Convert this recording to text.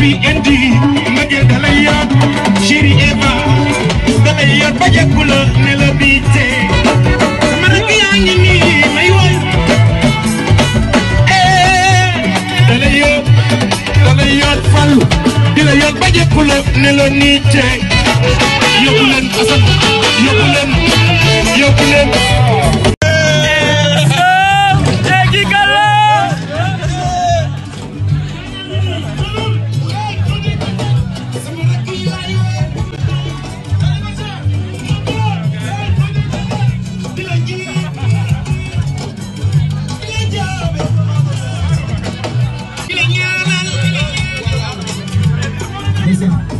PND mbëggeel dalay yor chéri Eva dalay yor ba jekku la ne la bii tee man ak yaa ngi nii may woy ee eh, dalay yor dalay yor falu di la yor ba jekku la ne Cissé